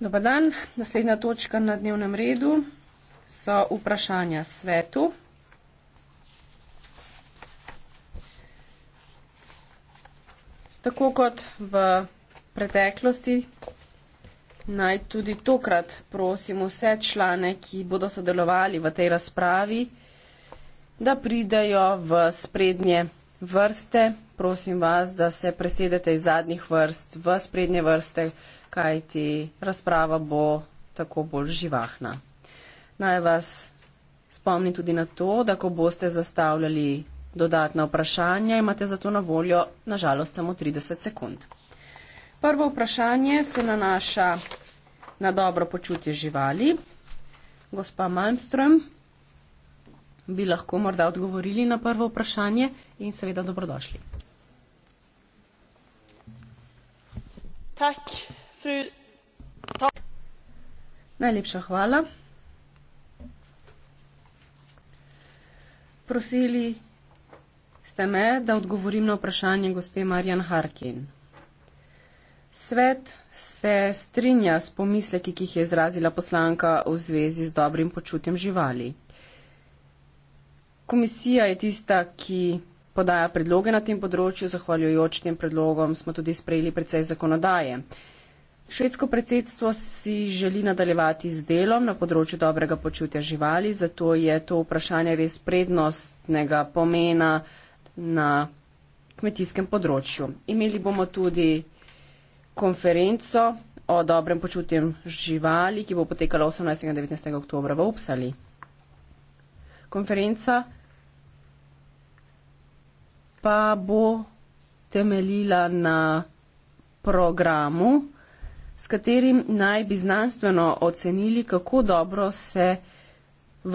Dobar dan. Naslednja točka na dnevnem redu so vprašanja svetu. Tako kot v preteklosti, naj tudi tokrat prosim vse člane, ki bodo sodelovali v tej razpravi, da pridajo v sprednje vrste. Prosim vas, da se presedete iz zadnjih vrst v sprednje vrste, kajti razprava bo tako bolj živahna. Naj vas spomni tudi na to, da ko boste zastavljali dodatna vprašanja, imate za to na voljo nažalost samo 30 sekund. Prvo vprašanje se nanaša na dobro počutje živali. Gospa Malmström, bi lahko morda odgovorili na prvo vprašanje in seveda dobrodošli. Tak, Najlepša hvala. Prosili ste me, da odgovorim na vprašanje gospe Marjan Harkin. Svet se strinja s pomisleki, ki jih je izrazila poslanka v zvezi z dobrim počutjem živali. Komisija je tista, ki podaja predloge na tem področju, zahvaljujoč tem predlogom smo tudi sprejeli precej zakonodaje. Švedsko predsedstvo si želi nadaljevati z delom na področju dobrega počutja živali, zato je to vprašanje res prednostnega pomena na kmetijskem področju. Imeli bomo tudi konferenco o dobrem počutju živali, ki bo potekala 18. in 19. oktobra v Upsali. Konferenca pa bo temeljila na programu, s katerim naj bi znanstveno ocenili, kako dobro se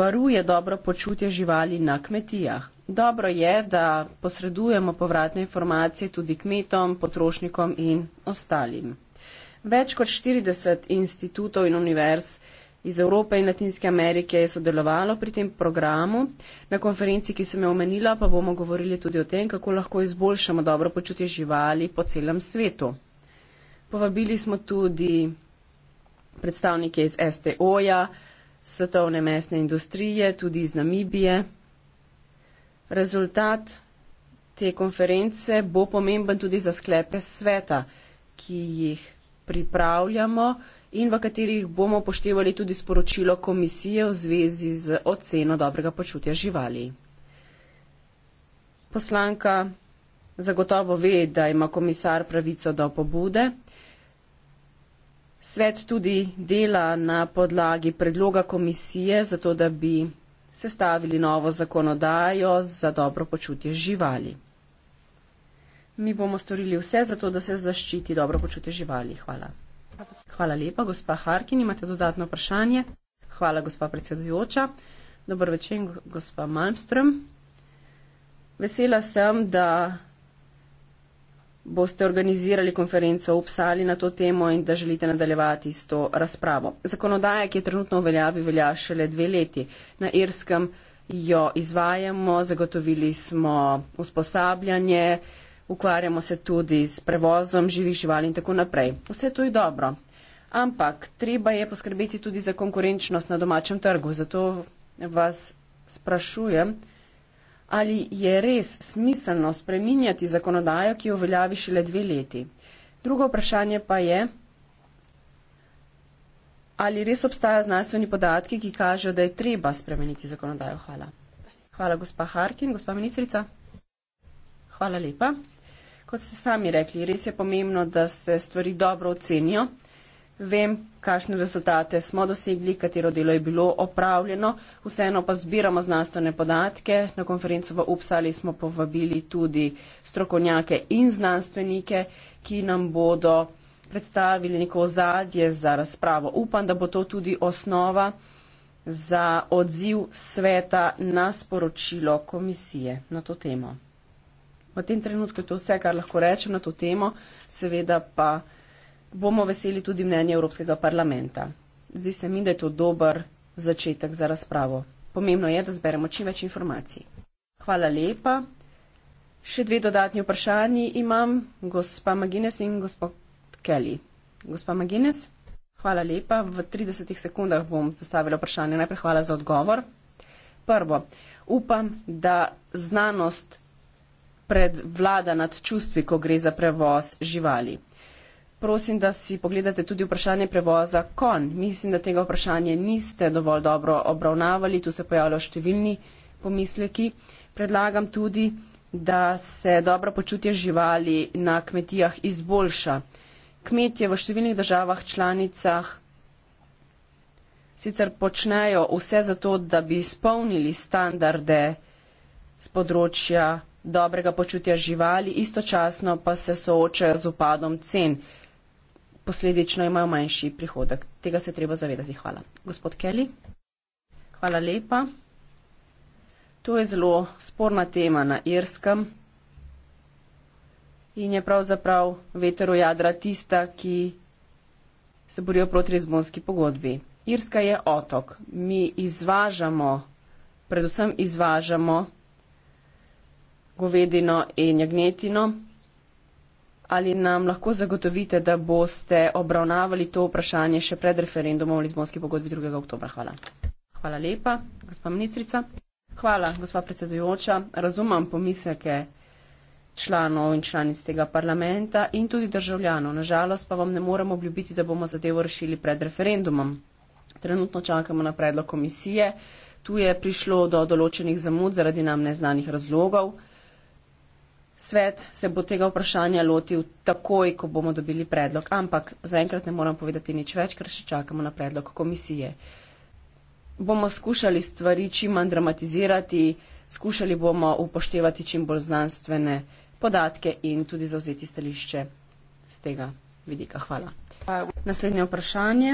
varuje dobro počutje živali na kmetijah. Dobro je, da posredujemo povratne informacije tudi kmetom, potrošnikom in ostalim. Več kot 40 institutov in univerz iz Evrope in Latinske Amerike je sodelovalo pri tem programu. Na konferenci, ki sem jo omenila, pa bomo govorili tudi o tem, kako lahko izboljšamo dobro počutje živali po celem svetu. Povabili smo tudi predstavnike iz STO-ja, svetovne mesne industrije, tudi iz Namibije. Rezultat te konference bo pomemben tudi za sklepe sveta, ki jih pripravljamo in v katerih bomo poštevali tudi sporočilo komisije v zvezi z oceno dobrega počutja živali. Poslanka zagotovo ve, da ima komisar pravico do pobude. Svet tudi dela na podlagi predloga komisije, zato da bi sestavili novo zakonodajo za dobro počutje živali. Mi bomo storili vse zato, da se zaščiti dobro počutje živali. Hvala. Hvala lepa, gospa Harkin, imate dodatno vprašanje. Hvala, gospa predsedujoča. Dobro večer, gospa Malmström. Vesela sem, da boste organizirali konferenco v Psali na to temo in da želite nadaljevati s to razpravo. Zakonodaja, ki je trenutno v veljavi, velja šele dve leti. Na Irskem jo izvajamo, zagotovili smo usposabljanje, ukvarjamo se tudi s prevozom živih živali in tako naprej. Vse to je dobro. Ampak treba je poskrbeti tudi za konkurenčnost na domačem trgu. Zato vas sprašujem, ali je res smiselno spreminjati zakonodajo, ki jo veljavi šele dve leti. Drugo vprašanje pa je, ali res obstaja znanstveni podatki, ki kažejo, da je treba spremeniti zakonodajo. Hvala. Hvala, gospa Harkin, gospa ministrica. Hvala lepa. Kot ste sami rekli, res je pomembno, da se stvari dobro ocenijo vem, kakšne rezultate smo dosegli, katero delo je bilo opravljeno, vseeno pa zbiramo znanstvene podatke. Na konferenco v Upsali smo povabili tudi strokovnjake in znanstvenike, ki nam bodo predstavili neko ozadje za razpravo. Upam, da bo to tudi osnova za odziv sveta na sporočilo komisije na to temo. V tem trenutku je to vse, kar lahko rečem na to temo, seveda pa bomo veseli tudi mnenja Evropskega parlamenta. Zdi se mi, da je to dober začetek za razpravo. Pomembno je, da zberemo čim več informacij. Hvala lepa. Še dve dodatni vprašanji imam, gospa Magines in gospod Kelly. Gospa Magines, hvala lepa. V 30 sekundah bom zastavila vprašanje. Najprej hvala za odgovor. Prvo, upam, da znanost predvlada nad čustvi, ko gre za prevoz živali prosim, da si pogledate tudi vprašanje prevoza konj. Mislim, da tega vprašanja niste dovolj dobro obravnavali, tu se pojavljajo številni pomisleki. Predlagam tudi, da se dobro počutje živali na kmetijah izboljša. Kmetje v številnih državah članicah sicer počnejo vse za to, da bi izpolnili standarde z področja dobrega počutja živali, istočasno pa se soočajo z upadom cen posledično imajo manjši prihodek. Tega se treba zavedati. Hvala. Gospod Kelly. Hvala lepa. To je zelo sporna tema na Irskem in je pravzaprav veter v jadra tista, ki se borijo proti Lizbonski pogodbi. Irska je otok. Mi izvažamo, predvsem izvažamo govedino in jagnetino, Ali nam lahko zagotovite, da boste obravnavali to vprašanje še pred referendumom o Lizbonski pogodbi 2. oktobra? Hvala. Hvala lepa, gospa ministrica. Hvala, gospa predsedujoča. Razumem pomisleke članov in članic tega parlamenta in tudi državljanov. Nažalost pa vam ne moremo obljubiti, da bomo zadevo rešili pred referendumom. Trenutno čakamo na predlog komisije. Tu je prišlo do določenih zamud zaradi nam neznanih razlogov. Svet se bo tega vprašanja lotil takoj, ko bomo dobili predlog, ampak zaenkrat ne moram povedati nič več, ker še čakamo na predlog komisije. Bomo skušali stvari čim manj dramatizirati, skušali bomo upoštevati čim bolj znanstvene podatke in tudi zauzeti stališče z tega vidika. Hvala. Naslednje vprašanje.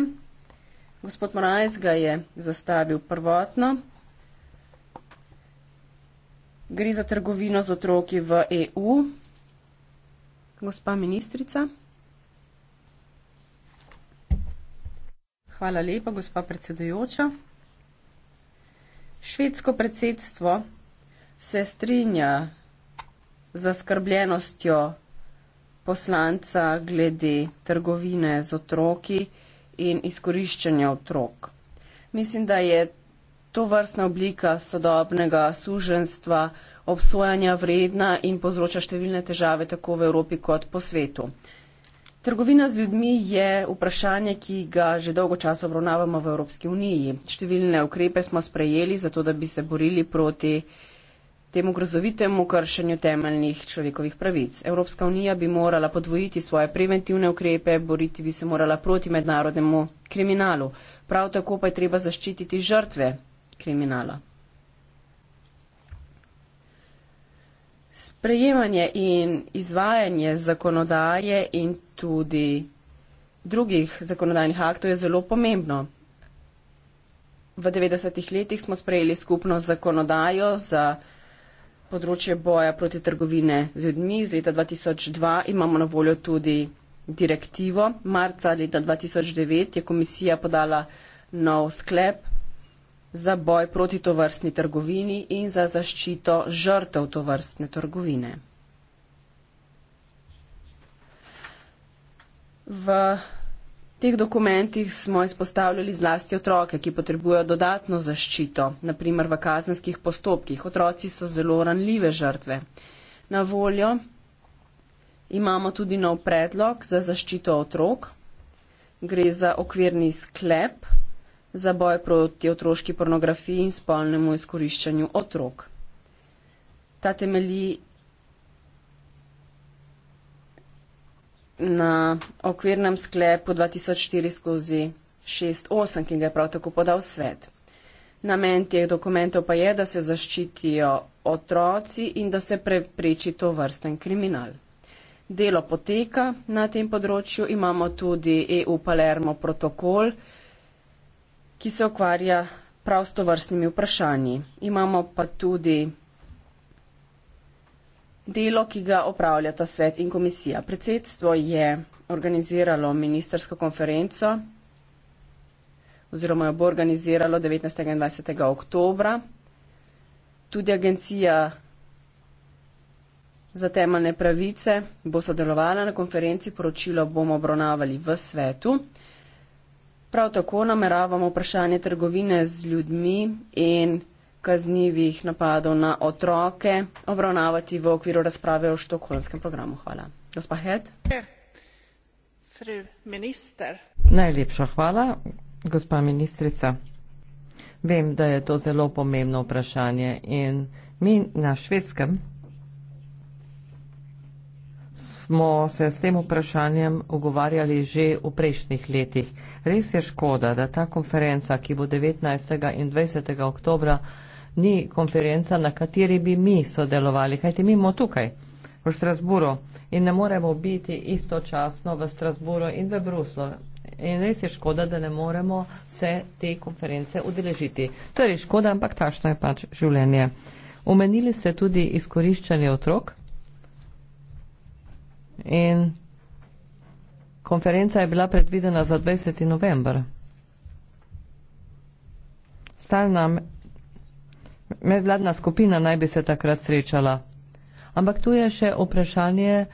Gospod Morales ga je zastavil prvotno. Gre za trgovino z otroki v EU. Gospa ministrica. Hvala lepa, gospa predsedujoča. Švedsko predsedstvo se strinja z zaskrbljenostjo poslanca glede trgovine z otroki in izkoriščanja otrok. Mislim, da je to vrstna oblika sodobnega suženstva obsojanja vredna in povzroča številne težave tako v Evropi kot po svetu. Trgovina z ljudmi je vprašanje, ki ga že dolgo časa obravnavamo v Evropski uniji. Številne ukrepe smo sprejeli, zato da bi se borili proti temu grozovitemu kršenju temeljnih človekovih pravic. Evropska unija bi morala podvojiti svoje preventivne ukrepe, boriti bi se morala proti mednarodnemu kriminalu. Prav tako pa je treba zaščititi žrtve kriminala. Sprejemanje in izvajanje zakonodaje in tudi drugih zakonodajnih aktov je zelo pomembno. V 90-ih letih smo sprejeli skupno zakonodajo za področje boja proti trgovine z ljudmi. Z leta 2002 imamo na voljo tudi direktivo. Marca leta 2009 je komisija podala nov sklep za boj proti tovrstni trgovini in za zaščito žrtev tovrstne trgovine. V teh dokumentih smo izpostavljali zlasti otroke, ki potrebujo dodatno zaščito, naprimer v kazenskih postopkih. Otroci so zelo ranljive žrtve. Na voljo imamo tudi nov predlog za zaščito otrok. Gre za okvirni sklep za boj proti otroški pornografiji in spolnemu izkoriščanju otrok. Ta temelji na okvirnem sklepu 2004 skozi 6.8, ki ga je prav tako podal svet. Namen teh dokumentov pa je, da se zaščitijo otroci in da se prepreči to vrsten kriminal. Delo poteka na tem področju, imamo tudi EU Palermo protokol, ki se ukvarja prav s tovrstnimi vprašanji. Imamo pa tudi delo, ki ga opravlja ta svet in komisija. Predsedstvo je organiziralo ministersko konferenco oziroma jo bo organiziralo 19. in 20. oktobra. Tudi agencija za temeljne pravice bo sodelovala na konferenci, poročilo bomo obravnavali v svetu. Prav tako nameravamo vprašanje trgovine z ljudmi in kaznjivih napadov na otroke obravnavati v okviru razprave o štokholmskem programu. Hvala. Gospa Hed. Najlepša hvala, gospa ministrica. Vem, da je to zelo pomembno vprašanje in mi na švedskem smo se s tem vprašanjem ogovarjali že v prejšnjih letih. Res je škoda, da ta konferenca, ki bo 19. in 20. oktobra, ni konferenca, na kateri bi mi sodelovali, kajti mi smo tukaj v Strasburu in ne moremo biti istočasno v Strasburu in v Bruslu. In res je škoda, da ne moremo vse te konference udeležiti. Torej, škoda, ampak takšno je pač življenje. Omenili ste tudi izkoriščanje otrok in konferenca je bila predvidena za 20. november. Stalna medvladna skupina naj bi se takrat srečala. Ampak tu je še vprašanje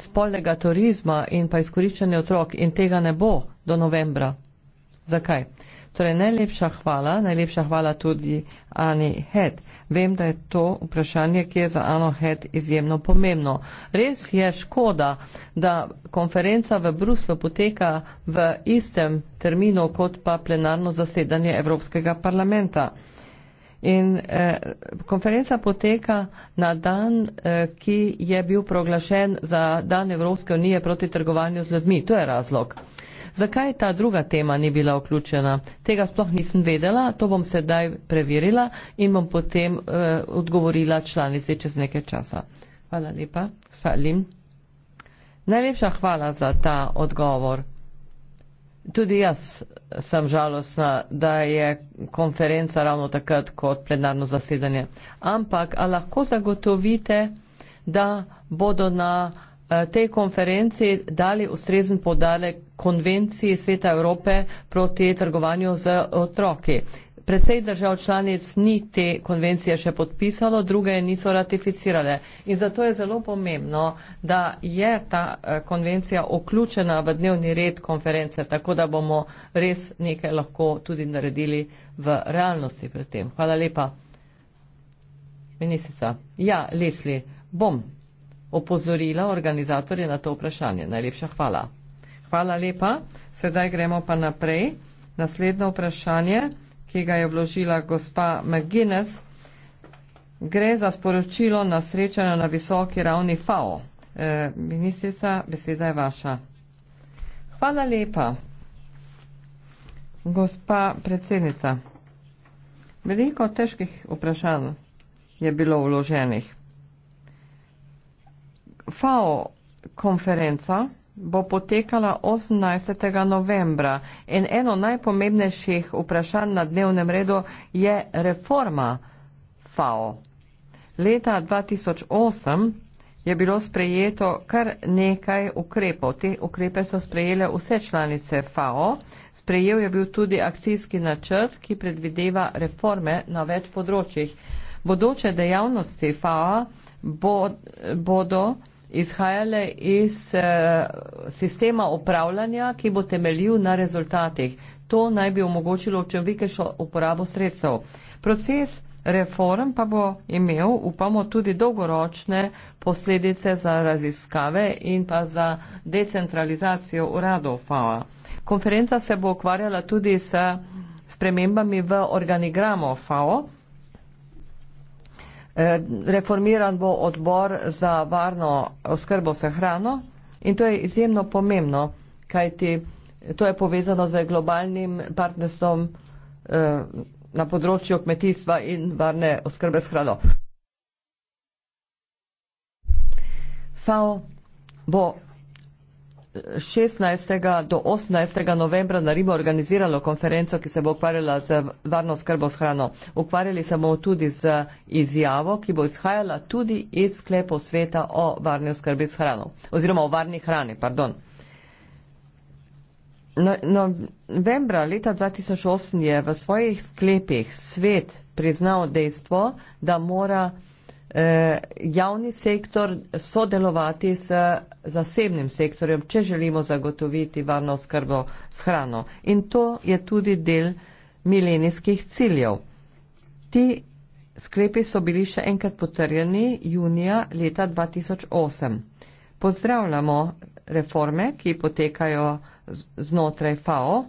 spolnega turizma in pa izkoriščanja otrok in tega ne bo do novembra. Zakaj? Torej, najlepša hvala, najlepša hvala tudi Ani Het. Vem, da je to vprašanje, ki je za Ano Het izjemno pomembno. Res je škoda, da konferenca v Bruslu poteka v istem terminu kot pa plenarno zasedanje Evropskega parlamenta. In eh, konferenca poteka na dan, eh, ki je bil proglašen za dan Evropske unije proti trgovanju z ljudmi. To je razlog. Zakaj ta druga tema ni bila vključena? Tega sploh nisem vedela, to bom sedaj preverila in bom potem uh, odgovorila članici čez nekaj časa. Hvala lepa. Spalim. Najlepša hvala za ta odgovor. Tudi jaz sem žalostna, da je konferenca ravno takrat kot plenarno zasedanje. Ampak, a lahko zagotovite, da bodo na eh, tej konferenci dali ustrezen podalek konvenciji Sveta Evrope proti trgovanju z otroki. Predsej držav članic ni te konvencije še podpisalo, druge niso ratificirale. In zato je zelo pomembno, da je ta eh, konvencija vključena v dnevni red konference, tako da bomo res nekaj lahko tudi naredili v realnosti pred tem. Hvala lepa. Ministrica. Ja, Lesli, bom opozorila organizatorje na to vprašanje. Najlepša hvala. Hvala lepa. Sedaj gremo pa naprej. Naslednje vprašanje, ki ga je vložila gospa McGuinness, gre za sporočilo na srečanje na visoki ravni FAO. E, ministrica, beseda je vaša. Hvala lepa. Gospa predsednica, veliko težkih vprašanj je bilo vloženih. FAO konferenca bo potekala 18. novembra in eno najpomembnejših vprašanj na dnevnem redu je reforma FAO. Leta 2008 je bilo sprejeto kar nekaj ukrepov. Te ukrepe so sprejele vse članice FAO. Sprejel je bil tudi akcijski načrt, ki predvideva reforme na več področjih. Bodoče dejavnosti FAO bo, bodo izhajale iz eh, sistema upravljanja, ki bo temeljil na rezultatih. To naj bi omogočilo učinkovitejšo uporabo sredstev. Proces reform pa bo imel, upamo, tudi dolgoročne posledice za raziskave in pa za decentralizacijo uradov FAO. Konferenca se bo ukvarjala tudi s spremembami v organigramu FAO. Eh, reformiran bo odbor za varno oskrbo s hrano in to je izjemno pomembno, kajti to je povezano z globalnim partnerstvom eh, na področju kmetijstva in varne oskrbe s hrano. FAO bo 16. do 18. novembra na Rimu organiziralo konferenco, ki se bo ukvarjala z varno skrbo s hrano. Ukvarjali se bomo tudi z izjavo, ki bo izhajala tudi iz sklepov sveta o varni skrbi s hrano. Oziroma o varni hrani, pardon. No, novembra leta 2008 je v svojih sklepih svet priznal dejstvo, da mora Eh, javni sektor sodelovati s zasebnim sektorjem, če želimo zagotoviti varno skrbo s hrano. In to je tudi del milenijskih ciljev. Ti sklepi so bili še enkrat potrjeni junija leta 2008. Pozdravljamo reforme, ki potekajo znotraj FAO.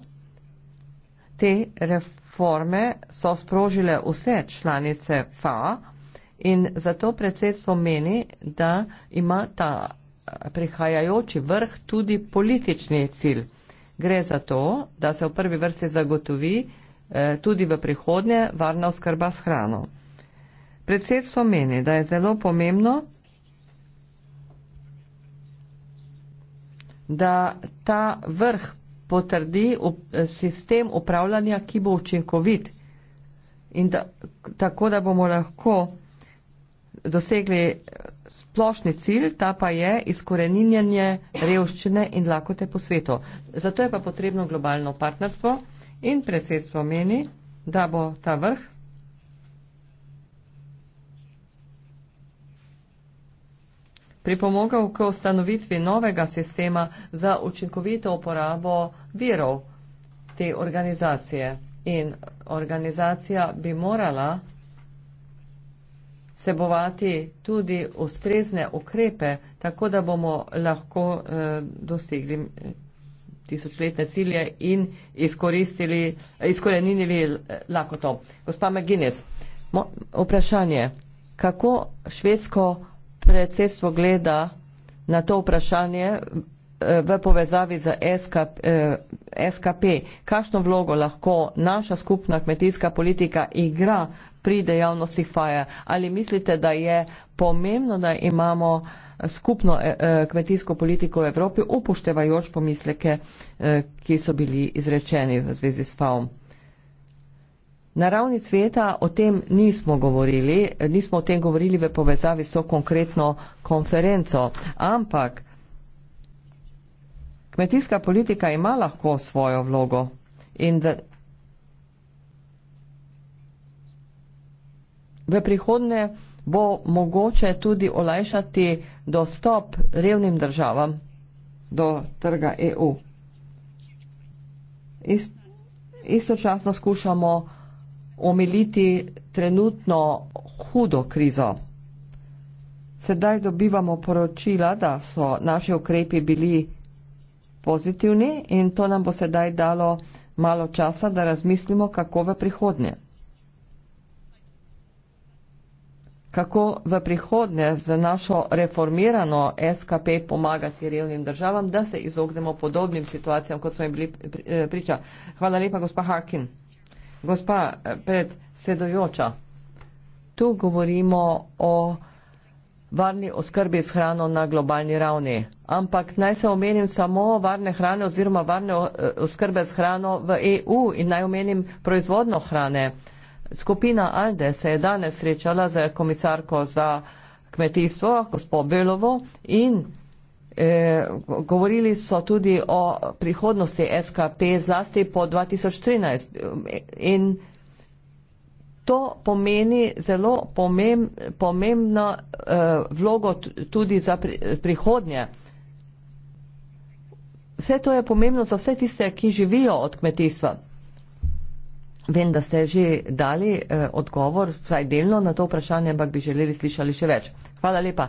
Te reforme so sprožile vse članice FAO. In zato predsedstvo meni, da ima ta prihajajoči vrh tudi politični cilj. Gre za to, da se v prvi vrsti zagotovi eh, tudi v prihodnje varna oskrba s hrano. Predsedstvo meni, da je zelo pomembno, da ta vrh potrdi up eh, sistem upravljanja, ki bo učinkovit in da, tako, da bomo lahko dosegli splošni cilj, ta pa je izkoreninjanje revščine in lakote po svetu. Zato je pa potrebno globalno partnerstvo in predsedstvo meni, da bo ta vrh pripomogal k ustanovitvi novega sistema za učinkovito uporabo virov te organizacije. In organizacija bi morala vsebovati tudi ustrezne ukrepe, tako da bomo lahko eh, dosegli tisočletne cilje in izkoristili, izkorenili lakoto. Gospa McGuinness, vprašanje, kako švedsko predsedstvo gleda na to vprašanje eh, v povezavi z SKP, eh, SKP, kakšno vlogo lahko naša skupna kmetijska politika igra pri dejavnostih faja. Ali mislite, da je pomembno, da imamo skupno e, e, kmetijsko politiko v Evropi, upoštevajoč pomisleke, e, ki so bili izrečeni v zvezi s FAO. Na ravni sveta o tem nismo govorili, nismo o tem govorili v povezavi s to konkretno konferenco, ampak kmetijska politika ima lahko svojo vlogo in da V prihodnje bo mogoče tudi olajšati dostop revnim državam do trga EU. Istočasno skušamo omiliti trenutno hudo krizo. Sedaj dobivamo poročila, da so naši ukrepi bili pozitivni in to nam bo sedaj dalo malo časa, da razmislimo, kako v prihodnje. kako v prihodnje z našo reformirano SKP pomagati revnim državam, da se izognemo podobnim situacijam, kot smo jim bili eh, priča. Hvala lepa, gospa Hakin. Gospa eh, predsedojoča, tu govorimo o varni oskrbi s hrano na globalni ravni. Ampak naj se omenim samo varne hrane oziroma varne eh, oskrbe s hrano v EU in naj omenim proizvodno hrane. Skupina Alde se je danes srečala z komisarko za kmetijstvo, gospod Belovo, in eh, govorili so tudi o prihodnosti SKP zlasti po 2013. In to pomeni zelo pomem, pomembno eh, vlogo tudi za pri, prihodnje. Vse to je pomembno za vse tiste, ki živijo od kmetijstva. Vem, da ste že dali eh, odgovor, vsaj delno na to vprašanje, ampak bi želeli slišali še več. Hvala lepa.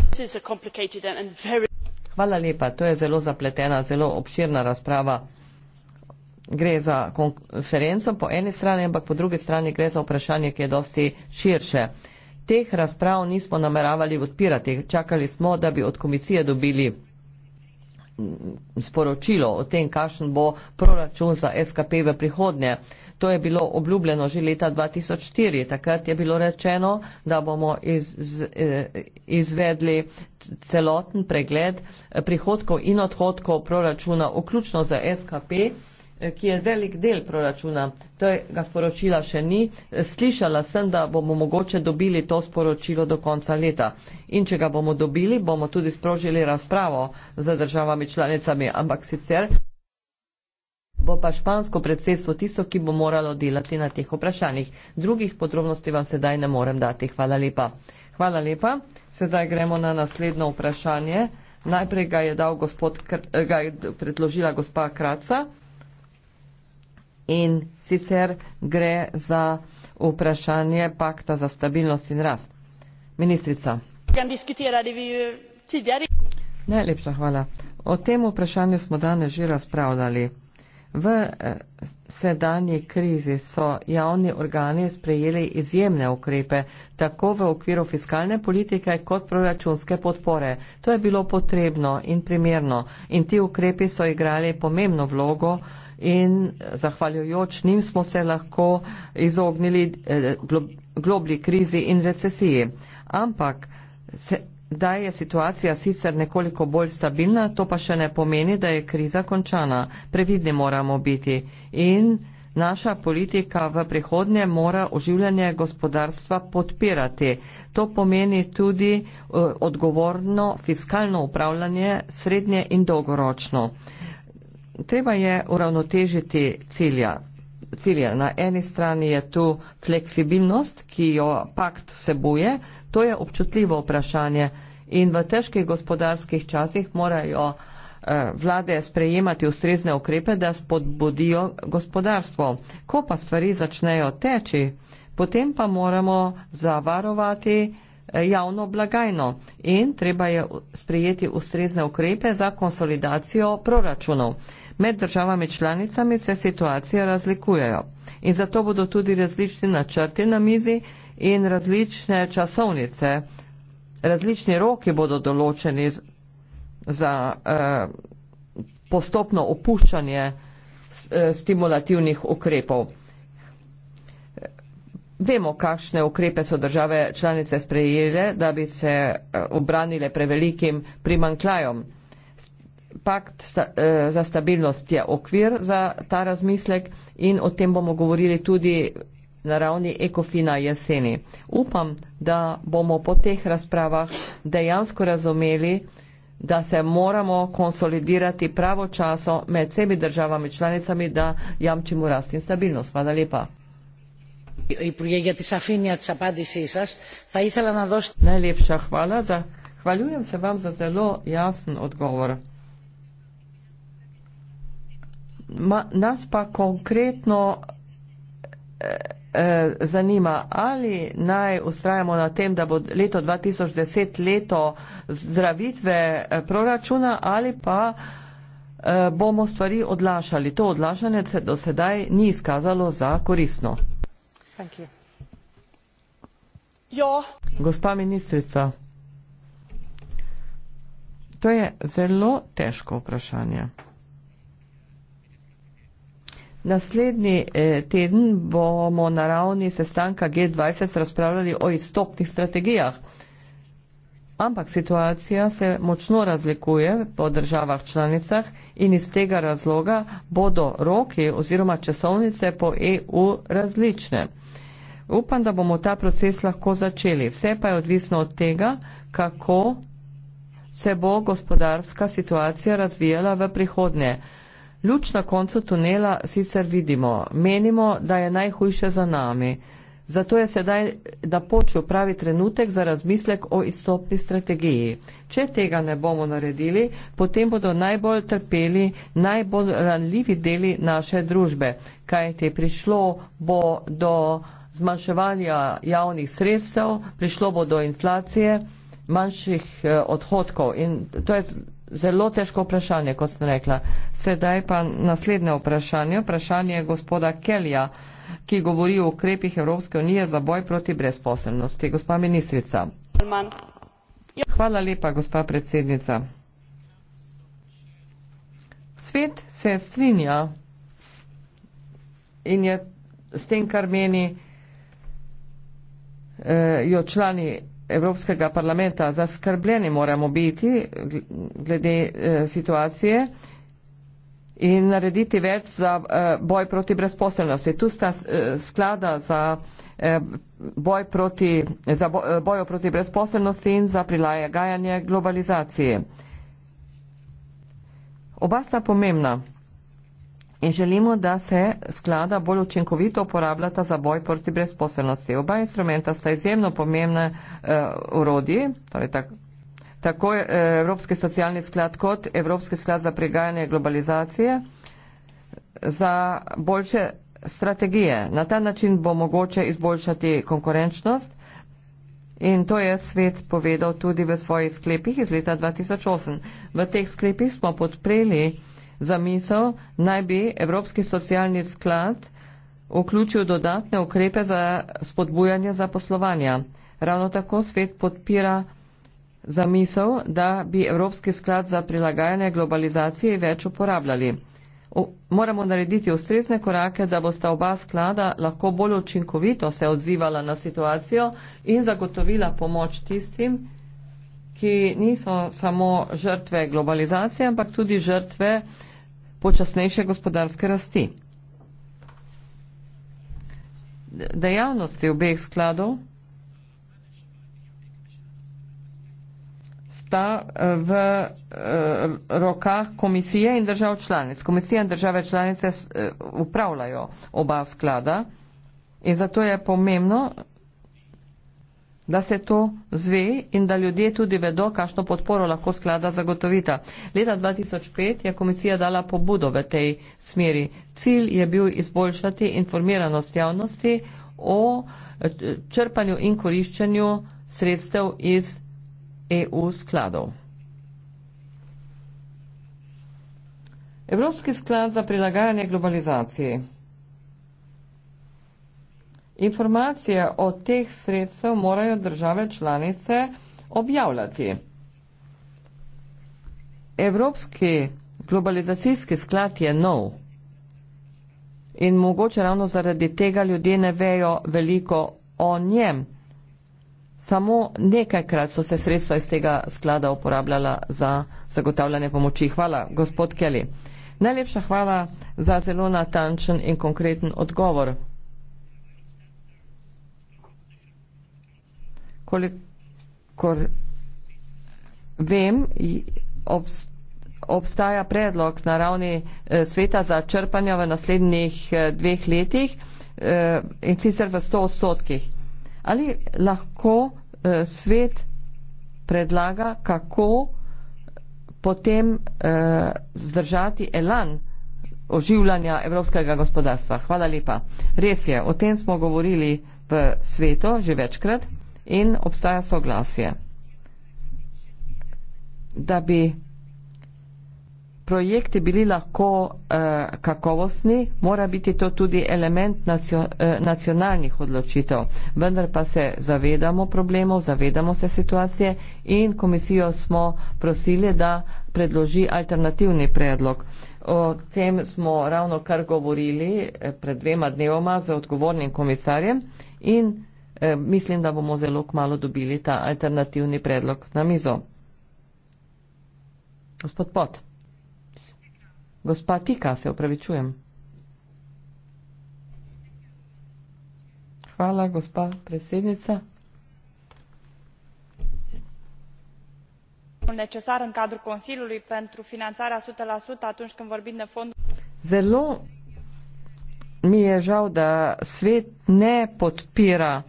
Very... Hvala lepa. To je zelo zapletena, zelo obširna razprava. Gre za konferenco po eni strani, ampak po drugi strani gre za vprašanje, ki je dosti širše. Teh razprav nismo nameravali odpirati. Čakali smo, da bi od komisije dobili Mm, sporočilo o tem, kakšen bo proračun za SKP v prihodnje. To je bilo obljubljeno že leta 2004. Takrat je bilo rečeno, da bomo iz, z, eh, izvedli celoten pregled prihodkov in odhodkov proračuna, vključno za SKP ki je velik del proračuna. To torej, je ga sporočila še ni. Slišala sem, da bomo mogoče dobili to sporočilo do konca leta. In če ga bomo dobili, bomo tudi sprožili razpravo z državami članicami. Ampak sicer bo pa špansko predsedstvo tisto, ki bo moralo delati na teh vprašanjih. Drugih podrobnosti vam sedaj ne morem dati. Hvala lepa. Hvala lepa. Sedaj gremo na naslednjo vprašanje. Najprej ga je, dal gospod, ga je predložila gospa Kraca in sicer gre za vprašanje pakta za stabilnost in rast. Ministrica. Najlepša hvala. O tem vprašanju smo danes že razpravljali. V eh, sedanji krizi so javni organi sprejeli izjemne ukrepe, tako v okviru fiskalne politike kot proračunske podpore. To je bilo potrebno in primerno in ti ukrepi so igrali pomembno vlogo in zahvaljujoč njim smo se lahko izognili eh, globlji krizi in recesiji. Ampak se, da je situacija sicer nekoliko bolj stabilna, to pa še ne pomeni, da je kriza končana. Previdni moramo biti in naša politika v prihodnje mora oživljanje gospodarstva podpirati. To pomeni tudi uh, odgovorno fiskalno upravljanje srednje in dolgoročno. Uh, treba je uravnotežiti cilja. cilja. Na eni strani je tu fleksibilnost, ki jo pakt vsebuje, to je občutljivo vprašanje in v težkih gospodarskih časih morajo eh, vlade sprejemati ustrezne ukrepe, da spodbudijo gospodarstvo. Ko pa stvari začnejo teči, potem pa moramo zavarovati eh, javno blagajno in treba je sprejeti ustrezne ukrepe za konsolidacijo proračunov. Med državami članicami se situacije razlikujejo in zato bodo tudi različni načrti na mizi in različne časovnice, različni roki bodo določeni za eh, postopno opuščanje eh, stimulativnih ukrepov. Vemo, kakšne ukrepe so države članice sprejele, da bi se eh, obranile prevelikim primanklajom pakt sta, eh, za stabilnost je okvir za ta razmislek in o tem bomo govorili tudi na ravni ekofina jeseni. Upam, da bomo po teh razpravah dejansko razumeli, da se moramo konsolidirati pravo časo med sebi državami članicami, da jamčimo rast in stabilnost. Hvala lepa. Υπουργέ, για τη σαφήνεια της απάντησής σας, θα ήθελα να δώσω... Najlepša hvala, zahvaljujem se vam za zelo jasen odgovor ma, nas pa konkretno eh, eh, zanima, ali naj ustrajamo na tem, da bo leto 2010 leto zdravitve eh, proračuna ali pa eh, bomo stvari odlašali. To odlašanje se do sedaj ni izkazalo za koristno. Ja. Gospa ministrica, to je zelo težko vprašanje. Naslednji eh, teden bomo na ravni sestanka G20 razpravljali o izstopnih strategijah. Ampak situacija se močno razlikuje po državah članicah in iz tega razloga bodo roki oziroma časovnice po EU različne. Upam, da bomo ta proces lahko začeli. Vse pa je odvisno od tega, kako se bo gospodarska situacija razvijala v prihodnje. Luč na koncu tunela sicer vidimo, menimo, da je najhujše za nami. Zato je sedaj napočil pravi trenutek za razmislek o izstopni strategiji. Če tega ne bomo naredili, potem bodo najbolj trpeli najbolj ranljivi deli naše družbe, kajti prišlo bo do zmanjševanja javnih sredstev, prišlo bo do inflacije, manjših eh, odhodkov in to je Zelo težko vprašanje, kot sem rekla. Sedaj pa naslednje vprašanje. Vprašanje gospoda Kelja, ki govori o ukrepih Evropske unije za boj proti brezposelnosti. Gospa ministrica. Hvala lepa, gospa predsednica. Svet se strinja in je s tem, kar meni eh, jo člani Evropskega parlamenta. Zaskrbljeni moramo biti glede eh, situacije in narediti več za eh, boj proti brezposelnosti. Tu sta eh, sklada za boj proti, za bojo proti brezposelnosti in za prilagajanje globalizaciji. Oba sta pomembna in želimo, da se sklada bolj učinkovito uporabljata za boj proti brezposelnosti. Oba instrumenta sta izjemno pomembna uh, eh, urodji, torej tak, tako eh, Evropski socialni sklad kot Evropski sklad za pregajanje globalizacije za boljše strategije. Na ta način bo mogoče izboljšati konkurenčnost in to je svet povedal tudi v svojih sklepih iz leta 2008. V teh sklepih smo podprejeli zamisel naj bi Evropski socialni sklad vključil dodatne ukrepe za spodbujanje zaposlovanja. Ravno tako svet podpira zamisel, da bi Evropski sklad za prilagajanje globalizaciji več uporabljali. Moramo narediti ustrezne korake, da bosta oba sklada lahko bolj učinkovito se odzivala na situacijo in zagotovila pomoč tistim, ki niso samo žrtve globalizacije, ampak tudi žrtve uh, počasnejše gospodarske rasti. Dejavnosti obeh skladov sta eh, v eh, rokah komisije in držav članic. Komisija in države članice eh, upravljajo oba sklada in zato je pomembno, da se to zve in da ljudje tudi vedo, kakšno podporo lahko sklada zagotovita. Leta 2005 je komisija dala pobudo v tej smeri. Cilj je bil izboljšati informiranost javnosti o eh, črpanju in koriščenju sredstev iz EU skladov. Evropski sklad za prilagajanje globalizaciji. Informacije o teh sredstev morajo države članice objavljati. Evropski globalizacijski sklad je nov in mogoče ravno zaradi tega ljudje ne vejo veliko o njem. Samo nekajkrat so se sredstva iz tega sklada uporabljala za zagotavljanje pomoči. Hvala, gospod Kelly. Najlepša hvala za zelo natančen in konkreten odgovor. kolikor vem, obstaja predlog na ravni eh, sveta za črpanje v naslednjih eh, dveh letih eh, in sicer v 100 odstotkih. Ali lahko svet predlaga, kako potem vzdržati elan oživljanja evropskega gospodarstva? Hvala lepa. Res je, o tem smo govorili v svetu že večkrat in obstaja soglasje, da bi projekti bili lahko eh, kakovostni, mora biti to tudi element nacio, eh, nacionalnih odločitev. Vendar pa se zavedamo problemov, zavedamo se situacije in komisijo smo prosili, da predloži alternativni predlog. O tem smo ravno kar govorili eh, pred dvema dnevoma z odgovornim komisarjem in Eh, mislim, da bomo zelo kmalo dobili ta alternativni predlog na mizo. Gospod Pot. Gospa Tika, se upravičujem. Hvala, gospa predsednica. Zelo mi je žal, da svet ne podpira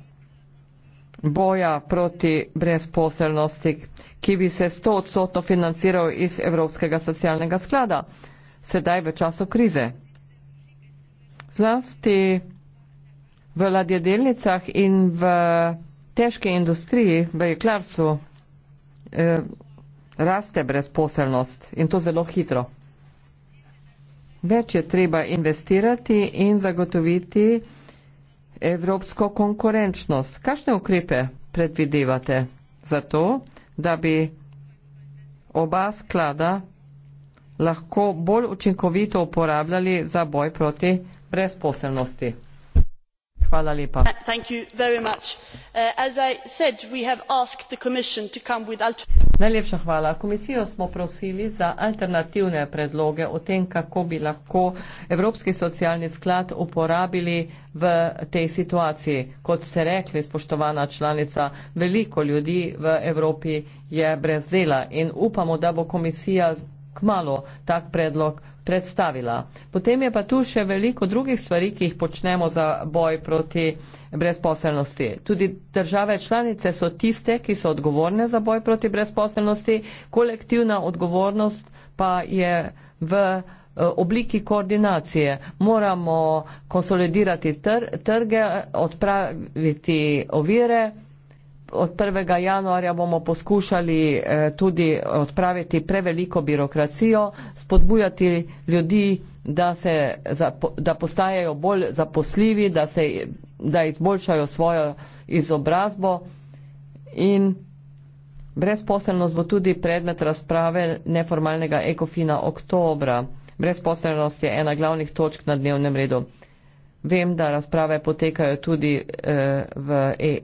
boja proti brezposelnosti, ki bi se 100 odstotno financiral iz Evropskega socialnega sklada, sedaj v času krize. Zlasti v ladjedelnicah in v težki industriji, v jeklarstvu, eh, raste brezposelnost in to zelo hitro. Več je treba investirati in zagotoviti, evropsko konkurenčnost. Kakšne ukrepe predvidevate za to, da bi oba sklada lahko bolj učinkovito uporabljali za boj proti brezposelnosti? Uh, uh, komisijo smo prosili za alternativne predloge o tem, kako bi lahko Evropski socialni sklad uporabili v tej situaciji. Kot ste rekli, spoštovana članica, veliko ljudi v Evropi je brez dela in upamo, da bo komisija kmalo tak predlog predstavila. Potem je pa tu še veliko drugih stvari, ki jih počnemo za boj proti brezposelnosti. Tudi države članice so tiste, ki so odgovorne za boj proti brezposelnosti, kolektivna odgovornost pa je v eh, obliki koordinacije. Moramo konsolidirati trge, odpraviti ovire od 1. januarja bomo poskušali eh, tudi odpraviti preveliko birokracijo, spodbujati ljudi, da, se, da postajajo bolj zaposljivi, da, se, da izboljšajo svojo izobrazbo in brezposelnost bo tudi predmet razprave neformalnega ekofina oktobra. Brezposelnost je ena glavnih točk na dnevnem redu. Vem, da razprave potekajo tudi eh, v e-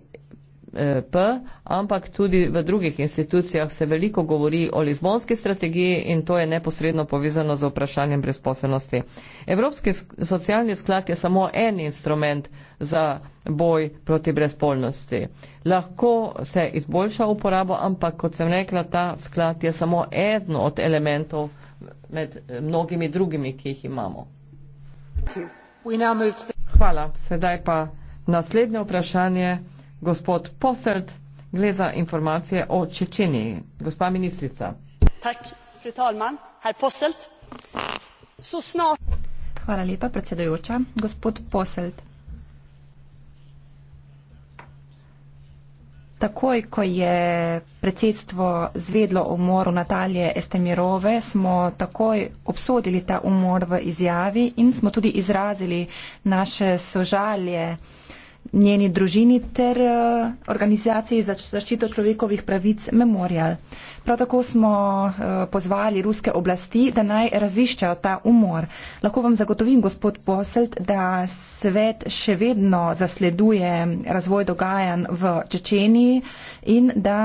P, ampak tudi v drugih institucijah se veliko govori o lizbonski strategiji in to je neposredno povezano z vprašanjem brezposelnosti. Evropski socialni sklad je samo en instrument za boj proti brezpolnosti. Lahko se izboljša uporabo, ampak kot sem rekla, ta sklad je samo eno od elementov med mnogimi drugimi, ki jih imamo. Hvala. Sedaj pa naslednje vprašanje gospod Posselt gre za informacije o Čečeniji. Gospa ministrica. Tak, talman, Susno... Hvala lepa, predsedujoča. Gospod Posselt. Takoj, ko je predsedstvo zvedlo umor Natalije Estemirove, smo takoj obsodili ta umor v izjavi in smo tudi izrazili naše sožalje uh, njeni družini ter eh, organizaciji za zaščito človekovih pravic Memorial. Prav tako smo eh, pozvali ruske oblasti, da naj raziščajo ta umor. Lahko vam zagotovim, gospod Poselt, da svet še vedno zasleduje razvoj dogajanj v Čečeniji in da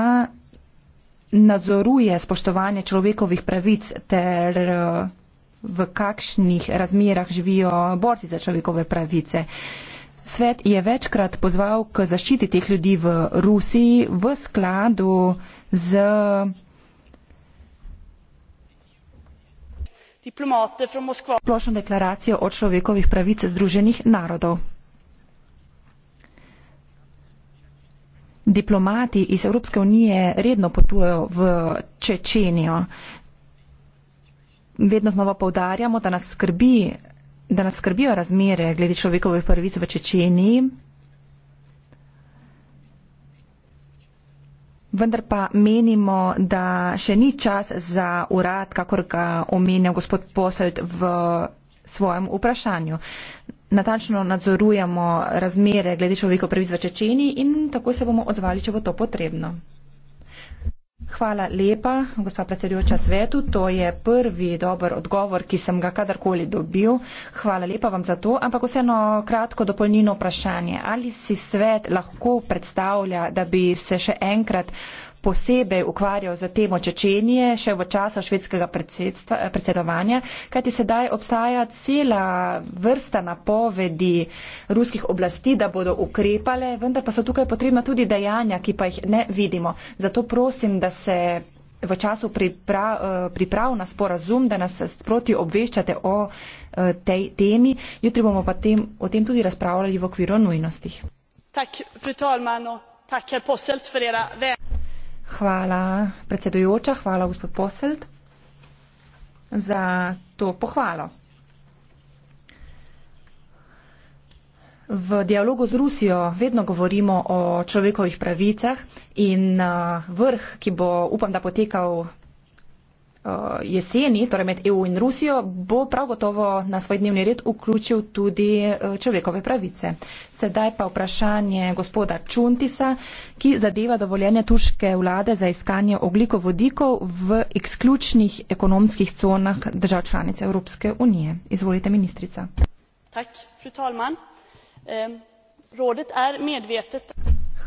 nadzoruje spoštovanje človekovih pravic ter eh, v kakšnih razmerah živijo borci za človekove pravice. Uh, Svet je večkrat pozval k zaščiti teh ljudi v Rusiji v skladu z. Splošno deklaracijo o človekovih pravicah Združenih narodov. Diplomati iz Evropske unije redno potujejo v Čečenijo. Vedno znova povdarjamo, da nas skrbi da nas skrbijo razmere glede človekovih prvic v Čečeniji. Vendar pa menimo, da še ni čas za urad, kakor ga omenja gospod Posled v svojem vprašanju. Natančno nadzorujemo razmere glede človekov prvic v Čečeniji in tako se bomo odzvali, če bo to potrebno. Hvala lepa, gospa predsedujoča svetu. To je prvi dober odgovor, ki sem ga kadarkoli dobil. Hvala lepa vam za to, ampak vseeno kratko dopolnino vprašanje. Ali si svet lahko predstavlja, da bi se še enkrat posebej ukvarjal za temo Čečenije še v času švedskega predsedovanja, kajti sedaj obstaja cela vrsta napovedi ruskih oblasti, da bodo ukrepale, vendar pa so tukaj potrebna tudi dejanja, ki pa jih ne vidimo. Zato prosim, da se v času priprav, eh, priprav na sporazum, da nas sproti obveščate o eh, tej temi. Jutri bomo pa tem, o tem tudi razpravljali v okviru nujnostih. Tak, fru talmano, tak, Hvala, predsedujoča, hvala, gospod Poselt, za to pohvalo. V dialogu z Rusijo vedno govorimo o človekovih pravicah in uh, vrh, ki bo upam, da potekal Eh, jeseni, torej med EU in Rusijo, bo prav gotovo na svoj dnevni red vključil tudi eh, človekove pravice. Sedaj pa vprašanje gospoda Čuntisa, ki zadeva dovoljenje turške vlade za iskanje oglikovodikov v izključnih ekonomskih conah držav članic Evropske unije. Izvolite, ministrica. Tak, er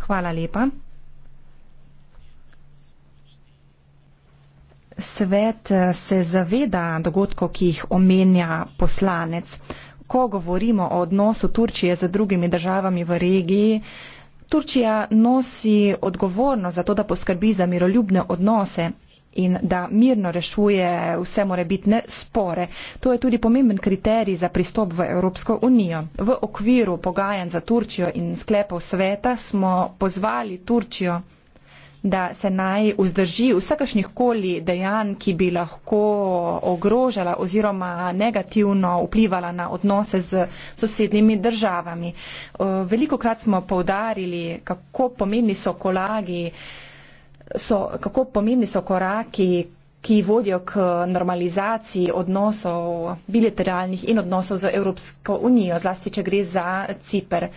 Hvala lepa. svet eh, se zaveda dogodkov, ki jih omenja poslanec. Ko govorimo o odnosu Turčije z drugimi državami v regiji, Turčija nosi odgovornost za to, da poskrbi za miroljubne odnose in da mirno rešuje vse morebitne spore. To je tudi pomemben kriterij za pristop v Evropsko unijo. V okviru pogajanj za Turčijo in sklepov sveta smo pozvali Turčijo da se naj vzdrži vsakašnih koli dejanj, ki bi lahko ogrožala oziroma negativno vplivala na odnose z sosednjimi državami. Eh, veliko krat smo povdarili, kako pomembni so kolagi, so, kako pomembni so koraki, ki vodijo k normalizaciji odnosov bilateralnih in odnosov z Evropsko unijo, zlasti če gre za Cipr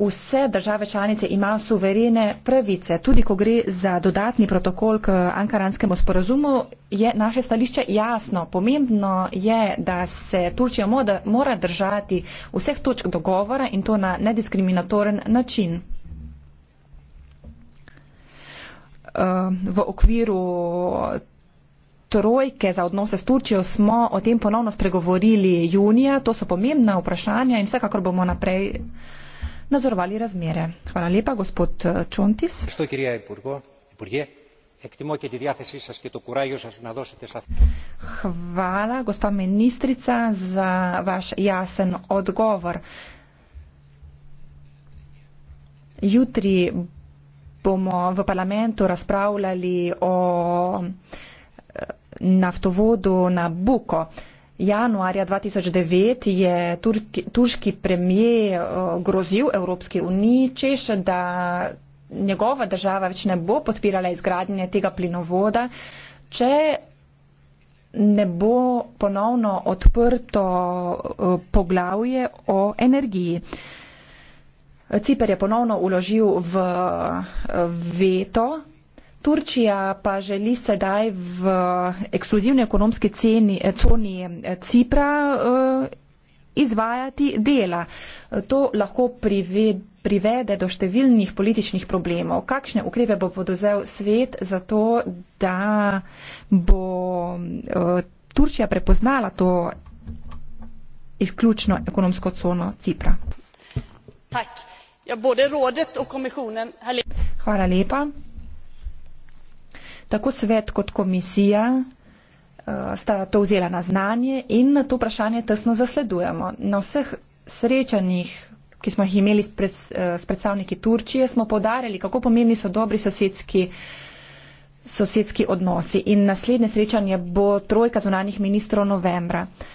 vse države članice imajo suverene pravice. Tudi, ko gre za dodatni protokol k Ankaranskemu sporazumu, je naše stališče jasno. Pomembno je, da se Turčija mora držati vseh točk dogovora in to na nediskriminatoren način. Eh, v okviru trojke za odnose s Turčijo smo o tem ponovno spregovorili junija. To so pomembna vprašanja in vsekakor bomo naprej nadzorovali razmere. Hvala lepa, gospod eh, Čontis. Hvala, gospa ministrica, za vaš jasen odgovor. Jutri bomo v parlamentu razpravljali o eh, naftovodu na Buko. Januarja 2009 je turki, turški premijer eh, grozil Evropski uniji, češ da njegova država več ne bo podpirala izgradnje tega plinovoda, če ne bo ponovno odprto eh, poglavje o energiji. Ciper je ponovno uložil v eh, veto Turčija pa želi sedaj v ekskluzivni ekonomski ceni, coni eh, Cipra eh, izvajati dela. To lahko prived, privede do številnih političnih problemov. Kakšne ukrepe bo podozel svet za to, da bo eh, Turčija prepoznala to izključno ekonomsko cono Cipra? Tak. Ja, bodo rodet o komisijo. Hvala lepa tako svet kot komisija eh, sta to vzela na znanje in na to vprašanje tesno zasledujemo. Na vseh srečanjih, ki smo jih imeli s, pred, eh, s predstavniki Turčije, smo podarili, kako pomeni so dobri sosedski sosedski odnosi. In naslednje srečanje bo trojka zunanih ministrov novembra. Uh,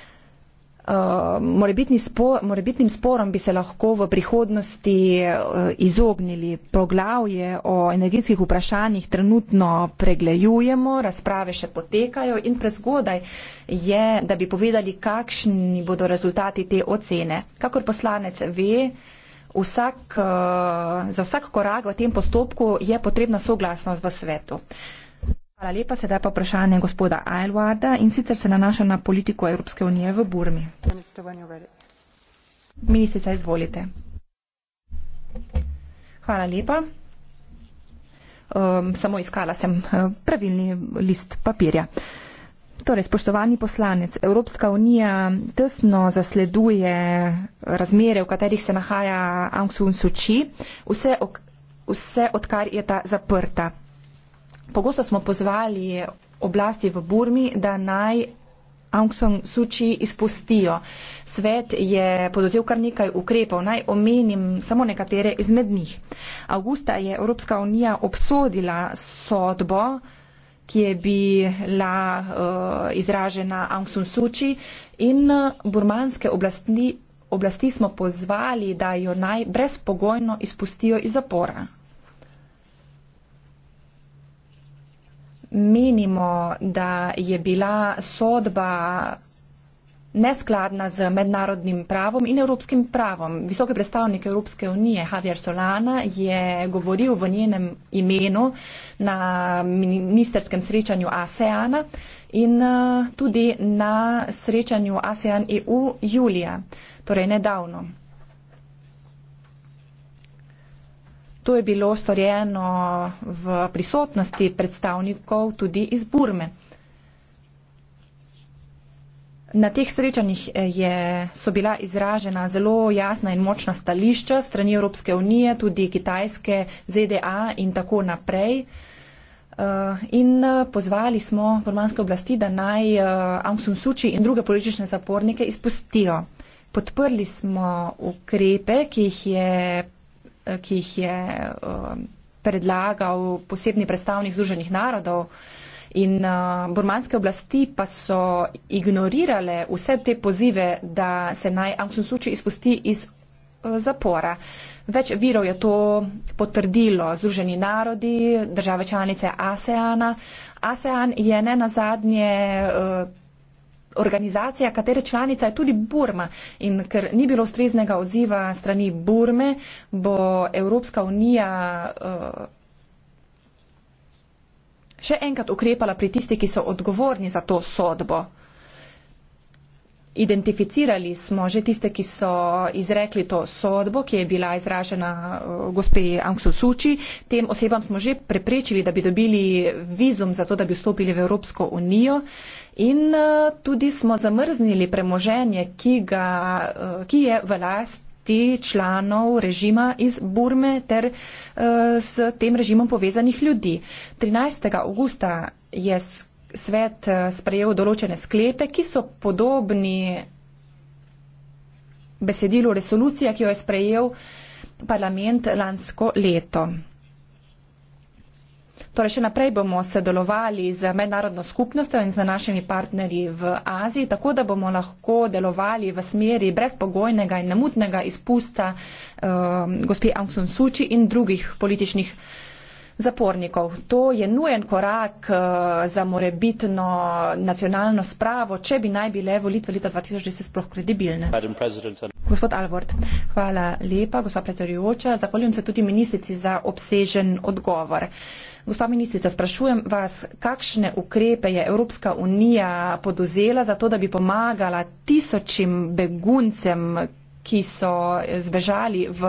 Eh, morebitni spo, morebitnim sporom bi se lahko v prihodnosti eh, izognili. Poglavje o energetskih vprašanjih trenutno preglejujemo, razprave še potekajo in prezgodaj je, da bi povedali, kakšni bodo rezultati te ocene. Kakor poslanec ve, vsak, eh, za vsak korak v tem postopku je potrebna soglasnost v svetu. Hvala lepa. Sedaj pa vprašanje gospoda Ailwada in sicer se nanaša na politiko Evropske unije v Burmi. Ministrica, izvolite. Hvala lepa. Um, samo iskala sem eh, pravilni list papirja. Torej, spoštovani poslanec, Evropska unija tesno zasleduje razmere, v katerih se nahaja Aung San Suu Kyi, vse, ok, vse odkar je ta zaprta. Pogosto smo pozvali oblasti v Burmi, da naj Aung San Suu Kyi izpustijo. Svet je podozel kar nekaj ukrepov, naj omenim samo nekatere izmed njih. Augusta je Evropska unija obsodila sodbo, ki je bila uh, izražena Aung San Suu Kyi in eh, burmanske oblasti, oblasti smo pozvali, da jo naj brezpogojno izpustijo iz zapora. menimo, da je bila sodba neskladna z mednarodnim pravom in evropskim pravom. Visoki predstavnik Evropske unije Javier Solana je govoril v njenem imenu na ministerskem srečanju ASEANA in eh, tudi na srečanju ASEAN-EU julija, torej nedavno. To je bilo storjeno v prisotnosti predstavnikov tudi iz Burme. Na teh srečanjih eh, je, so bila izražena zelo jasna in močna stališča strani Evropske unije, tudi Kitajske, ZDA in tako naprej. Eh, in eh, pozvali smo burmanske oblasti, da naj Aung San Suu Kyi in druge politične zapornike izpustijo. Podprli smo ukrepe, ki jih je ki jih je um, predlagal posebni predstavnik Združenih narodov. In uh, burmanske oblasti pa so ignorirale vse te pozive, da se naj Aung San Suu Kyi izpusti iz uh, zapora. Več virov je to potrdilo. Združeni narodi, države članice ASEAN-a. ASEAN je ne nazadnje uh, organizacija, katere članica je tudi Burma. In ker ni bilo ustreznega odziva strani Burme, bo Evropska unija uh, še enkrat ukrepala pri tisti, ki so odgovorni za to sodbo. Identificirali smo že tiste, ki so izrekli to sodbo, ki je bila izražena eh, gospe Angsu Suči. Tem osebam smo že preprečili, da bi dobili vizum za to, da bi vstopili v Evropsko unijo. In eh, tudi smo zamrznili premoženje, ki, ga, eh, ki je v lasti članov režima iz Burme ter s tem režimom povezanih ljudi. 13. augusta je skupaj svet eh, sprejel določene sklepe, ki so podobni besedilu resolucije, ki jo je sprejel parlament lansko leto. Torej, še naprej bomo sodelovali z mednarodno skupnostjo in z našimi partnerji v Aziji, tako da bomo lahko delovali v smeri brezpogojnega in namutnega izpusta uh, gospe Aung San Suu Kyi in drugih političnih uh, zapornikov. To je nujen korak eh, za morebitno nacionalno spravo, če bi naj bile volitve leta 2010 sploh kredibilne. Uh, Gospod Alvord, hvala lepa, gospa predsedujoča. Zahvaljujem se tudi ministrici za obsežen odgovor. Gospa ministrica, sprašujem vas, kakšne ukrepe je Evropska unija poduzela za to, da bi pomagala tisočim beguncem, ki so zbežali v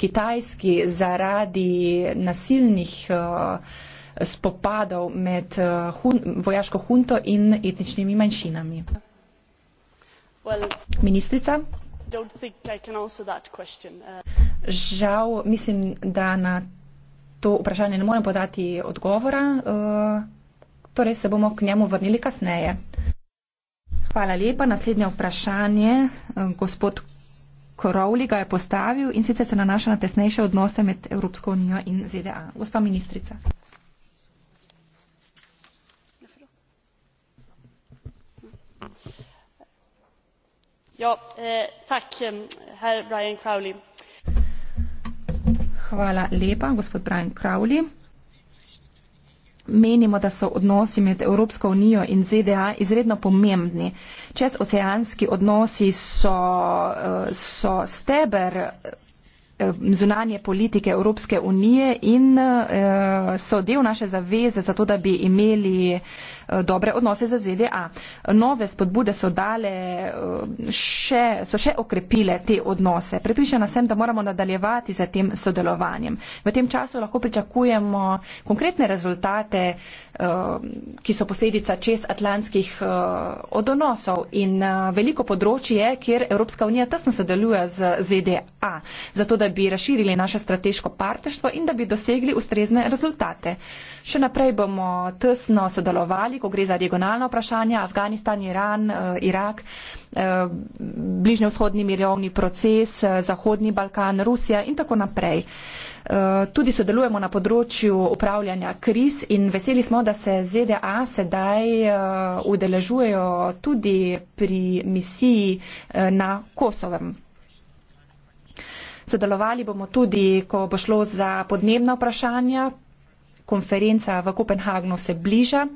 Kitajski zaradi nasilnih eh, spopadov med eh, hun, vojaško hunto in etničnimi manjšinami. Well, Ministrica? Uh, Žal mislim, da na to vprašanje ne morem podati odgovora, eh, torej se bomo k njemu vrnili kasneje. Hvala lepa. Naslednje vprašanje, gospod Korovli ga je postavil in sicer se nanaša na tesnejše odnose med Evropsko unijo in ZDA. Gospa ministrica. Ja, eh, tak, eh, Brian Crowley. Hvala lepa, gospod Brian Crowley menimo, da so odnosi med Evropsko unijo in ZDA izredno pomembni. Čezoceanski odnosi so, eh, so steber eh, zunanje politike Evropske unije in eh, so del naše zaveze za to, da bi imeli Eh, dobre odnose za ZDA. Nove spodbude so dale, eh, še, so še okrepile te odnose. Pripričana sem, da moramo nadaljevati za tem sodelovanjem. V tem času lahko pričakujemo konkretne rezultate, eh, ki so posledica čez atlantskih odnosov in veliko področje, kjer Evropska unija tesno sodeluje z ZDA, zato da bi razširili naše strateško partnerstvo in da bi dosegli ustrezne rezultate. Še naprej bomo tesno sodelovali ali ko gre za regionalna vprašanja, Afganistan, Iran, eh, Irak, eh, bližnjevzhodni mirovni proces, eh, Zahodni Balkan, Rusija in tako naprej. Tudi sodelujemo na področju upravljanja kriz in veseli smo, da se ZDA sedaj udeležujejo tudi pri misiji na Kosovem. Sodelovali bomo tudi, ko bo šlo za podnebna vprašanja. Konferenca v Kopenhagnu se bliža.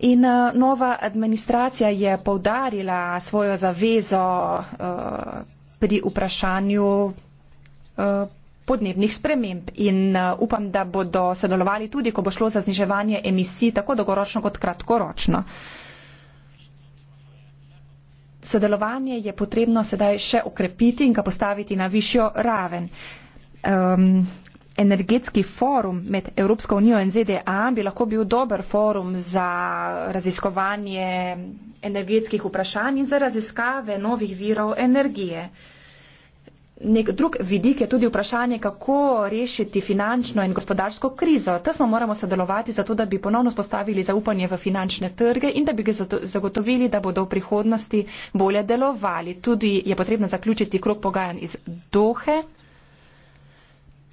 In uh, nova administracija je povdarila svojo zavezo uh, pri vprašanju uh, podnebnih sprememb in uh, upam, da bodo sodelovali tudi, ko bo šlo za zniževanje emisij tako dolgoročno kot kratkoročno. Sodelovanje je potrebno sedaj še okrepiti in ga postaviti na višjo raven. Um, energetski forum med Evropsko unijo in ZDA bi lahko bil dober forum za raziskovanje energetskih vprašanj in za raziskave novih virov energije. Nek drug vidik je tudi vprašanje, kako rešiti finančno in gospodarsko krizo. Tesno moramo sodelovati zato, da bi ponovno spostavili zaupanje v finančne trge in da bi ga zagotovili, da bodo v prihodnosti bolje delovali. Tudi je potrebno zaključiti krok pogajanj iz Dohe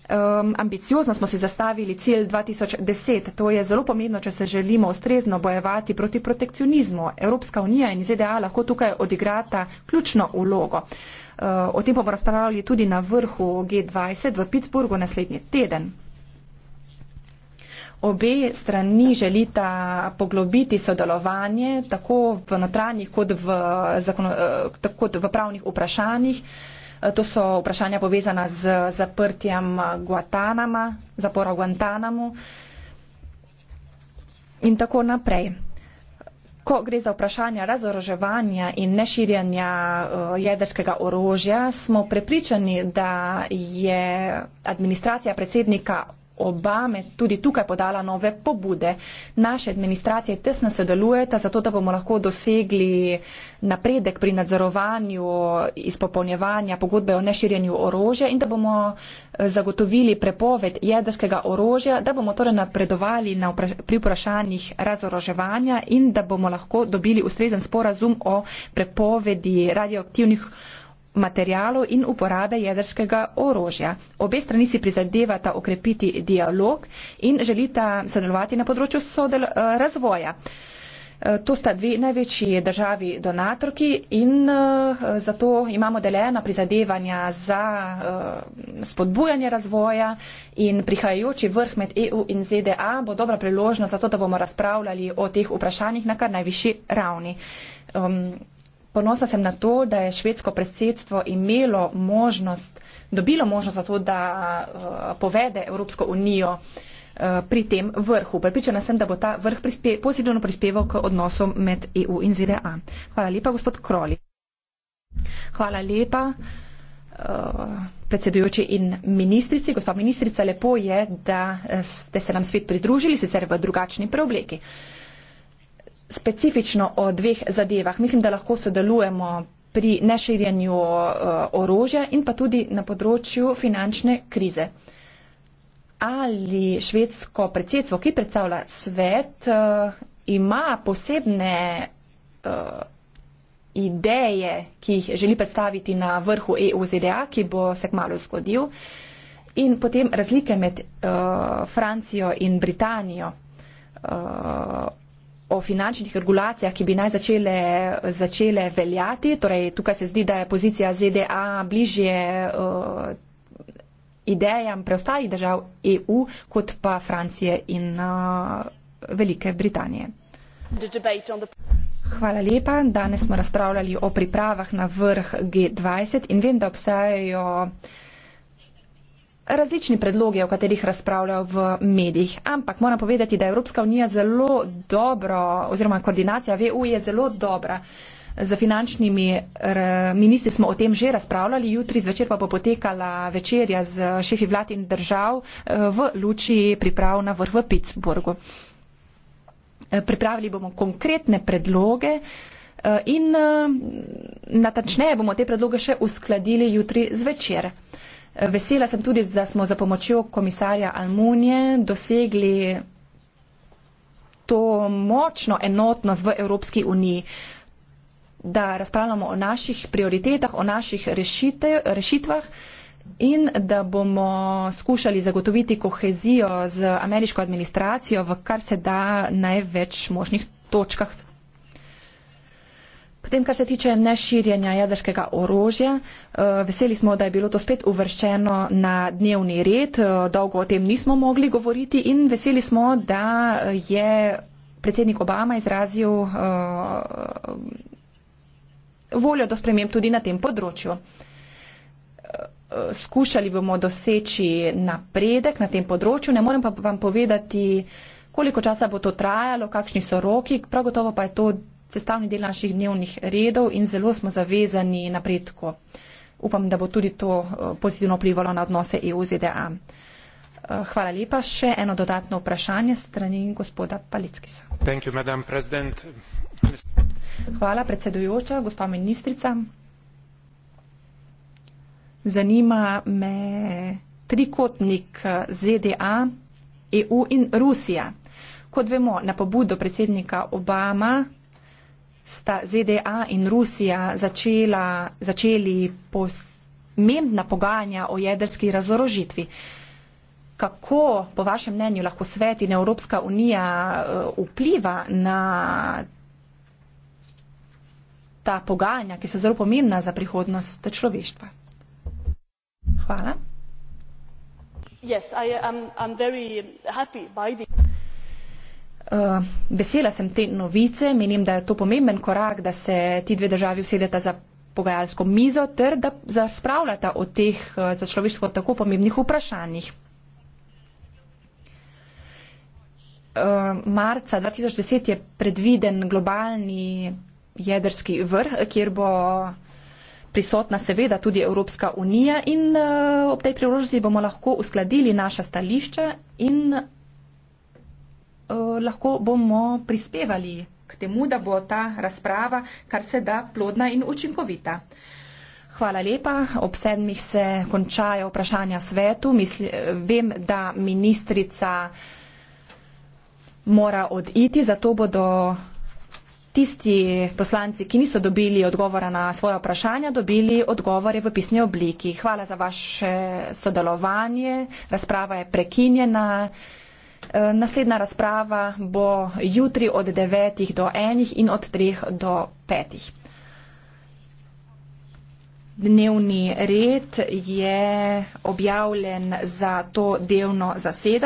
Um, ambiciozno smo si zastavili cilj 2010. To je zelo pomembno, če se želimo ustrezno bojevati proti protekcionizmu. Evropska unija in ZDA lahko tukaj odigrata ključno ulogo. Uh, o tem bomo razpravljali tudi na vrhu G20 v Pittsburghu naslednji teden. Obe strani želita poglobiti sodelovanje tako v notranjih kot v, zakon, uh, kot v pravnih vprašanjih. Uh, Eh, to so vprašanja povezana z zaprtjem eh, Guantanama, zapora v Guantanamu in tako naprej. Ko gre za vprašanje razoroževanja in neširjanja eh, jedrskega orožja, smo prepričani, da je administracija predsednika Obame tudi tukaj podala nove pobude. Naše administracije tesno sodelujeta, zato da bomo lahko dosegli napredek pri nadzorovanju izpopolnjevanja pogodbe o neširjenju orožja in da bomo eh, zagotovili prepoved jedrskega orožja, da bomo torej napredovali na vpra pri vprašanjih razoroževanja in da bomo lahko dobili ustrezen sporazum o prepovedi radioaktivnih orožja materijalov in uporabe jedrskega orožja. Obe strani si prizadevata okrepiti dialog in želita sodelovati na področju sodel eh, razvoja. Eh, to sta dve največji državi donatorki in eh, zato imamo delena prizadevanja za spodbujanje razvoja in prihajajoči vrh med EU in ZDA bo dobra priložnost za to, da bomo razpravljali o teh vprašanjih na kar najvišji ravni. Um, ponosna sem na to, da je švedsko predsedstvo imelo možnost, dobilo možnost za to, da uh, povede Evropsko unijo eh, pri tem vrhu. Pripričana sem, da bo ta vrh prispe, pozitivno prispeval k odnosom med EU in ZDA. Hvala lepa, gospod Kroli. Hvala lepa eh, predsedujoči in ministrici. Gospa ministrica, lepo je, da ste se nam svet pridružili, sicer v drugačni preobleki specifično o dveh zadevah. Mislim, da lahko sodelujemo pri neširjanju eh, orožja in pa tudi na področju finančne krize. Ali švedsko predsedstvo, ki predstavlja svet, eh, ima posebne uh, ideje, ki jih želi predstaviti na vrhu EU-ZDA, ki bo se kmalo zgodil, in potem razlike med uh, Francijo in Britanijo. Uh, o finančnih regulacijah, ki bi naj začele, začele veljati. Torej, tukaj se zdi, da je pozicija ZDA bližje uh, idejam preostalih držav EU kot pa Francije in uh, Velike Britanije. Hvala lepa. Danes smo razpravljali o pripravah na vrh G20 in vem, da obstajajo različni predlogi, o katerih razpravljajo v medijih. Ampak moram povedati, da Evropska unija zelo dobro, oziroma koordinacija VU je zelo dobra. Z finančnimi ministri smo o tem že razpravljali, jutri zvečer pa bo potekala večerja z šefi vlad in držav eh, v luči priprav na vrh v Pittsburghu. Eh, pripravili bomo konkretne predloge eh, in natančneje bomo te predloge še uskladili jutri zvečer. Vesela sem tudi, da smo za pomočjo komisarja Almunije dosegli to močno enotnost v Evropski uniji, da razpravljamo o naših prioritetah, o naših rešitvah in da bomo skušali zagotoviti kohezijo z ameriško administracijo v kar se da največ možnih točkah Potem, kar se tiče neširjenja jedrskega orožja, eh, veseli smo, da je bilo to spet uvrščeno na dnevni red. Eh, dolgo o tem nismo mogli govoriti in veseli smo, da je predsednik Obama izrazil eh, voljo do sprememb tudi na tem področju. Skušali bomo doseči napredek na tem področju, ne morem pa vam povedati, koliko časa bo to trajalo, kakšni so roki, prav gotovo pa je to sestavni del naših dnevnih redov in zelo smo zavezani napredku. Upam, da bo tudi to eh, pozitivno vplivalo na odnose EU-ZDA. E eh, hvala lepa. Še eno dodatno vprašanje strani gospoda Palickisa. Hvala, predsedujoča, gospa ministrica. Zanima me trikotnik eh, ZDA, EU in Rusija. Kot vemo, na pobudo predsednika Obama sta ZDA in Rusija začela, začeli pomembna pogajanja o jedrski razorožitvi. Kako, po vašem mnenju, lahko svet in Evropska unija eh, vpliva na ta pogajanja, ki so zelo pomembna za prihodnost človeštva? Hvala. Yes, I am, I'm very happy by the... Eh, vesela sem te novice, menim, da je to pomemben korak, da se ti dve državi usedeta za pogajalsko mizo ter da razpravljata o teh eh, za človeštvo tako pomembnih vprašanjih. Eh, marca 2010 je predviden globalni jedrski vrh, kjer bo prisotna seveda tudi Evropska unija in ob tej priložnosti bomo lahko uskladili naša stališča in Eh, lahko bomo prispevali k temu, da bo ta razprava kar se da plodna in učinkovita. Hvala lepa. Ob sedmih se končajo vprašanja svetu. Misli, vem, da ministrica mora oditi, zato bodo tisti poslanci, ki niso dobili odgovora na svoje vprašanja, dobili odgovore v pisni obliki. Hvala za vaše sodelovanje. Razprava je prekinjena. Eh, naslednja razprava bo jutri od 9 do 1 in od 3 do 5. Dnevni red je objavljen za to delno zasedanje.